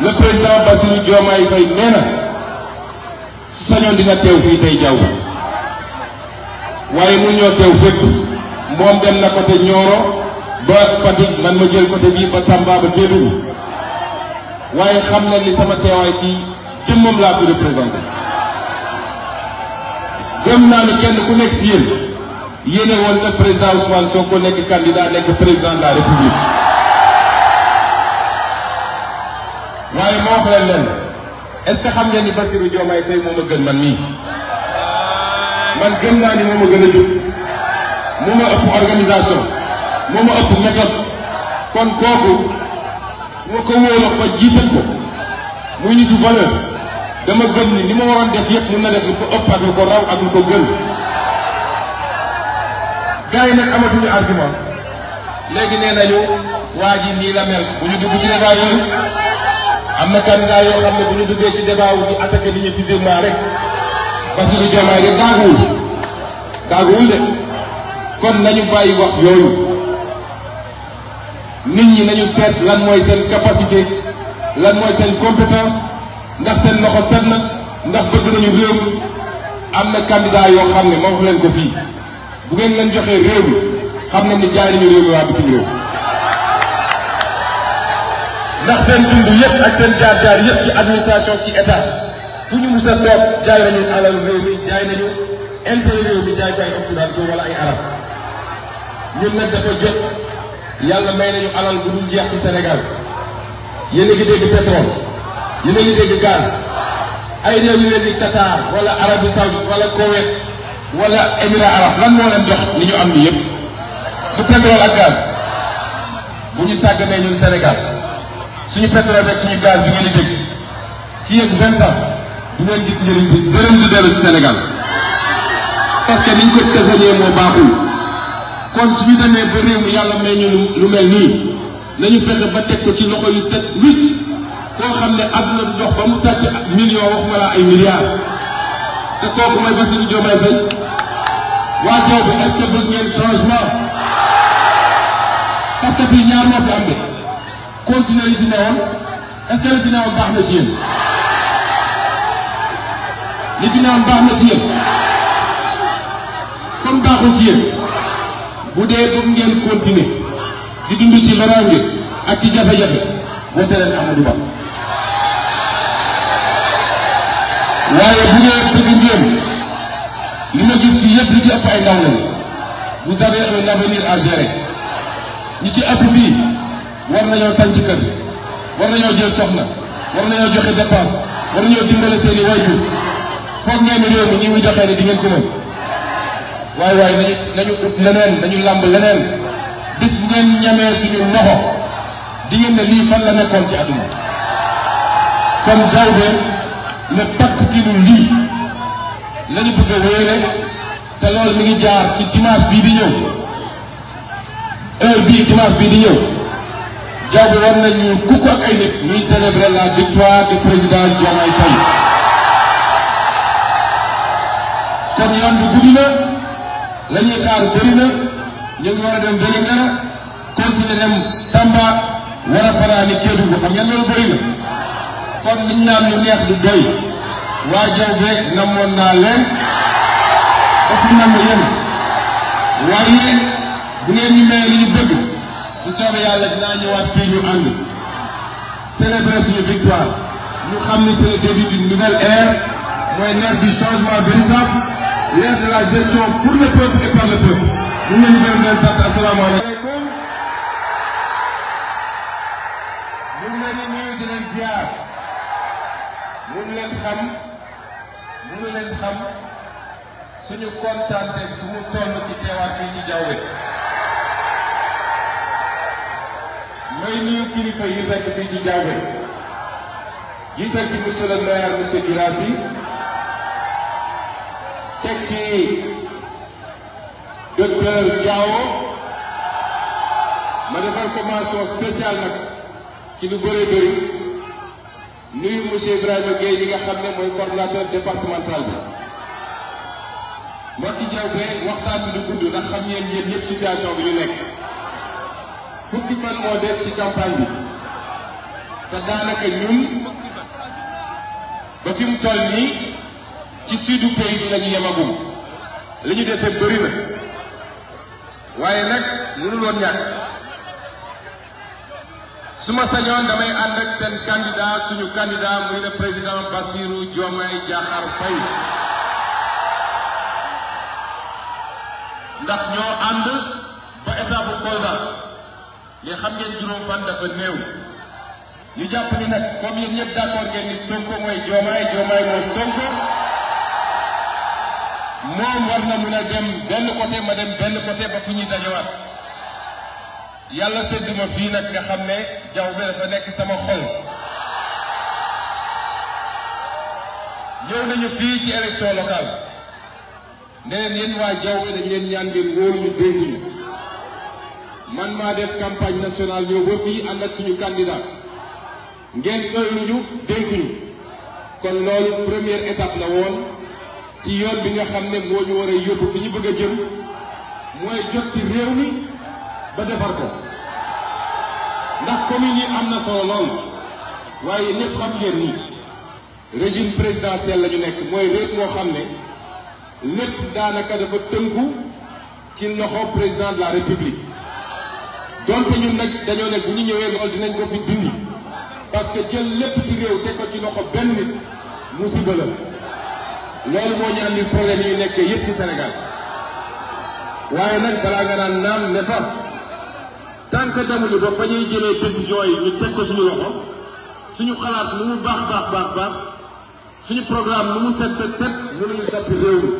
le président Bassirou Diomaye Faye nee na sañoon dina teew fii tey jaww waaye mu ñoo teew fépp moom dem na côté Nioro ba Fatick man ma jël côté bii ba Tamba ba Kédougou waaye xam na ni sama teewaay ci jëmmam laa ko représenté gëm naa ni kenn ku nekk si yéen yéene woon na président Ousmane Sonko nekk candidat nekk président de la République. wax leen leen est-ce que xam ngeen ni Bassirou Diomaye tey moo ma gën man mii man gën naa ni moo a gën a jub moo ma ëpp organisation moo ma ëpp méthode kon kooku moo ko wóoloo jiital ko muy nitu valeur dama gëm ni ni ma waroon def yëpp mun na def lu ko ëpp ak lu ko raw ak lu ko gën gars amatuñu argument léegi nee nañu waa ji nii la mel bu ñu dugg ci débat yooyu am na candidat yoo xam ne bu ñu duggee ci débat wu di attaqué nit ñi physiquement rek Bassirou Diomaye de daaguwul daaguwul de kon nañu bàyyi wax yooyu nit ñi nañu seet lan mooy seen capacité lan mooy seen compétence ndax seen loxo set na ndax bëgg nañu réew mi am na candidat yoo xam ne moo wax leen ko fii bu ngeen leen joxee réew mi xam nañ ni jaay nañu réew mi waa bitim réew ndax seen dund yëpp ak seen jaar-jaar yëpp ci administration ci état fu ñu mus a toog jaay nañu alal réew mi jaay nañu intérêt réew jaay ko ay occidentaux wala ay arab ñun nag dafa jot yàlla may nañu alal bu dul jeex ci Sénégal yéen a ngi dégg pétrole yéen a ngi dégg gaz ay réew yu mel ni Qatar wala Arabie Saoudite wala Koweït wala Émirats arabes lan moo leen jox li ñu am ni yëpp du pétrole ak gaz bu ñu sàgganee ñun Sénégal. suñu pétrole rek suñu gaz bi ngeen di dégg fii ak vingt ans gis njëriñ bi dërëm du dellu si Sénégal parce que niñ ko tëfalee moo baaxul kon suñu demee ba réew mi yàlla may ñu lu mel nii nañu fexe ba teg ko ci loxo yu set huit koo xam ne àdduna du dox ba mu sàcc million waxuma laa ay milliards te kooku mooy Bassirou Diomaye Faye waa Diaw bi est que bëgg ngeen changement parce que ñaar moo fi am de continuer li fi newoon est-ce que baax na ci yéen li fi newoon baax na ci yéen comme baaxul bu dee bëgg ngeen continuer di dund ci loraange ak ci jafe-jafe wote leen Amadou Ba waaye bu ngeen bëgg li ma gis fii yëpp li ci ëpp ay ndaw lañu vous avez un avenir à gérer ñi ci ëpp fii. war nañu sanc war nañoo jël soxna war nañoo joxe dépense war nañoo dimbale seen i waajur foog ngeen ni réew mi ñi muy joxee ni di ngeen ko mën waaye waaye nañu nañu ut leneen nañu làmb leneen bis bu ngeen ñamee suñu loxo di ngeen ne lii fan la nekkoon ci àdduna kon Diaobé ne pàcc ki nu lii la ñu bëgg a loolu mi ngi jaar ci dimanche bii di ñëw heure bii dimanche bii di ñëw jaabu woon nañu kukk ak ay nit ñuy célébrer la victoire président Diomaye Faye kon yoon bi guddi na la ñuy xaar bëri na ñu ngi war a dem Vélingara continuer Tamba war a faraani Kédougou xam ngeen loolu na kon liñ naan lu neex du doy waa jaw beeg namoon naa leen ëpp na ma yéen waaye bu ngeen ñu may li ñu bu soobee yàlla dinaa ñëwaat fii ñu ànd célébrer suñu victoire ñu xam ni c'est le début d'une nouvelle ère mooy l'ère du changement véritable l'ère de la gestion pour peuple et par peuple ñu ngi leen di gërëm leen sant asalaamaaleykum ñu ngi xam mënu leen xam fu mu toll ci teewaat fii ci jaww may nuyu kilifa yi nekk fii ci jaww jiital ci monsieur le maire monsieur Guirassy teg ci docteur Diawo ma defal commission spéciale nag ci lu bëree bëri nuyu monsieur Ibrahima Gueye bi nga xam ne mooy coordonnateur départemental bi. mbokki jaww waxtaan bi du gudd ndax xam ngeen yéen ñëpp situation bi ñu nekk. fukki fan moo des ci campagne bi te daanaka ñun ba fi mu toll nii ci sudu pays bi la li ñu dese bëri na waaye nag mënul woon ñàkk su ma sañoon damay ànd ak seen candidat suñu candidat muy le président Bassirou Diomaye Diakhar Faye ndax ñoo ànd ba état bu Kolda mais xam ngeen juróom fan dafa néew ñu jàpp ni nag comme yéen ñëpp d'accord ngeen ni Sonko mooy Diomaye Diomaye mooy Sonko moom war na mun a dem benn côté ma dem benn côté ba fu ñuy dajawaat yàlla sédd ma fii nag nga xam ne jaww bi dafa nekk sama xol ñëw nañu fii ci élection locale ne leen yéen waa jaww bi dañ ñaan ngeen wóolu ñu man maa def campagne nationale ñëw ba fii ànd ak suñu candidat ngeen doyluñu dénkuñu kon loolu première étape la woon ci yoon bi nga xam ne moo ñu war a yóbbu fi ñu bëgg a jëm mooy jot ci réew mi ba defar ko ndax commune yi am na solo lool waaye ñëpp xam ngeen ni régime présidentiel la ñu nekk mooy réew moo xam ne lépp daanaka dafa tënku ci loxo président la république. donte ñun nag dañoo ne bu ñu ñëwee loolu dinañ ko fi dindi parce que jël lépp ci réew teg ko ci loxo benn nit musiba la loolu moo ñu andi problème yi nekkee yëpp ci senegal waaye nag balaa nga naan ne fa tant que demuñu ba fa ñuy jëlee décision yi ñu teg ko suñu loxo suñu xalaat lu mu baax baax baax baax suñu programme lu mu set set set mënuñu soppi réew mi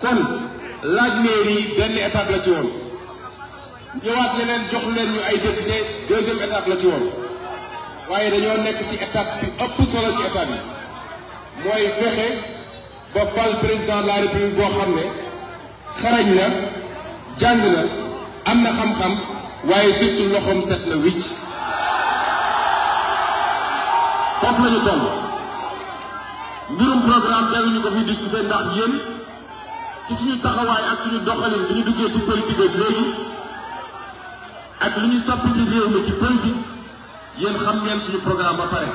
kon laaj mairie benn étape la ci woon. ñëwaat ne leen jox leen ñu ay député deuxième étape la ci woon waaye dañoo nekk ci étape bi ëpp solo ci étape yi mooy fexe ba fal président la république boo xam ne xarañ na jàng na am na xam-xam waaye surtout loxoom set na wicc foofu la ñu toll mbirum programme ko fi discuté ndax yéen ci suñu taxawaay ak suñu doxalin bi ñu duggee ci politique ak léegi ak li ñu sàpp ci réew mi ci politique yéen xam ngeen suñu programme ba pare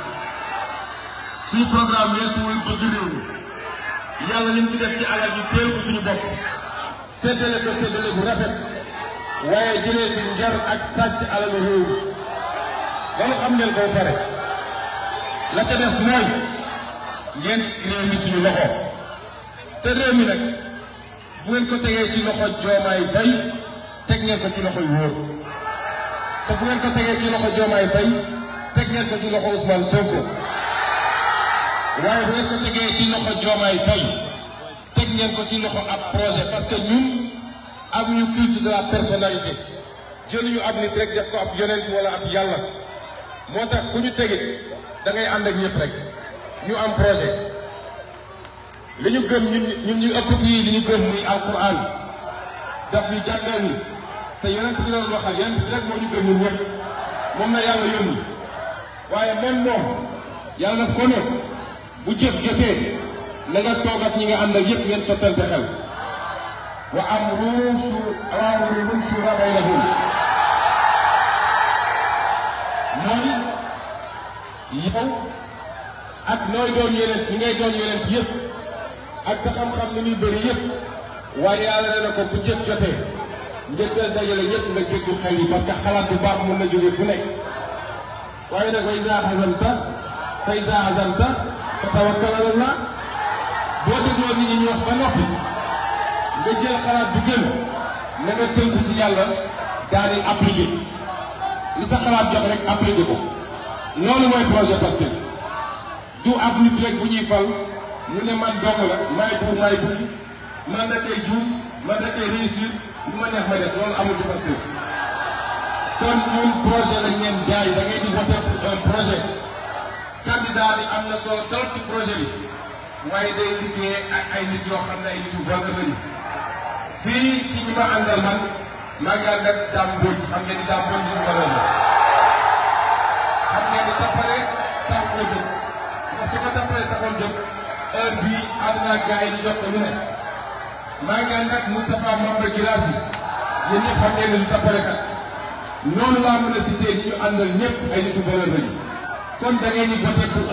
suñu programme weesuwul bëgg réew mi yàlla li mu ci def ci alal yi téel ko suñu bopp ko séddale bu rafet waaye mi loolu xam ngeen ko pare la ca des mooy ngeen réew mi suñu loxo te réew mi nag bu ngeen ko tegee ci loxo joomaay fay teg ngeen ko ci loxoy wóor te bu ngeen ko tegee ci loxo Diomaye Faye teg ngeen ko ci loxo Ousmane Sonko waaye bu ngeen ko tegee ci loxo Diomaye Faye teg ngeen ko ci loxo ab projet parce que ñun amuñu culte de la personnalité jëluñu ab nit rek def ko ab yonent wala ab yàlla moo tax ku ñu tegee dangay ngay ànd ak ñëpp rek ñu am projet li ñu gëm ñun ñu ëpp fii li ñu gëm muy alquran daf ñu jàngal ñu te yonent bi doon waxal yonent bi rek moo ñu gën moom la yàlla yónni waaye même moom yàlla daf ko ne bu jëf jotee la toogat ñi nga àndal yëpp ngeen sottante xel wa amruhum amruhum shuuraa baynahum mooy yow ak nooy doon yeneen ñi ngay doon yeneen ci yëpp ak sa xam-xam ni muy bëri yëpp waaye yàlla dana ko bu jëf jotee njëkkal dajale ñëpp nga déglu xel yi parce que xalaat bu baax mën na jóge fu nekk waaye nag wa izaa azamta fa izaa azamta fa boo dégloo nit ñi ñu wax ba noppi nga jël xalaat bu jël na tënku ci yàlla daal di li sa xalaat jox rek appliqué ko loolu mooy projet Pastef du ab nit rek bu ñuy fal mu ne man dong la maay buur maay buur man da koy juum man da lu ma neex ma def loolu amul ci Pastef kon ñun projet la ngeen jaay da ngay di voter am na solo trop ci projet bi waaye day liggéey ak ay nit yoo xam ne ay nit yu bon lañu fii ci ñi ma àndal man maa ngi ànd ak xam ngeen ni Dame Mbodj nit xam ngeen ni tappale tax koo jóg parce que tappale taxoon jóg heure bii am naa gars yi di jox ko lu ne maa ngi ànd ak Moustapha Mamba Guirassy yéen xam ngeen ne du tappalekat noonu laa mën a cité ñi ñu àndal ñëpp ay nitu valeur lañu kon da ngeen ñu voté pour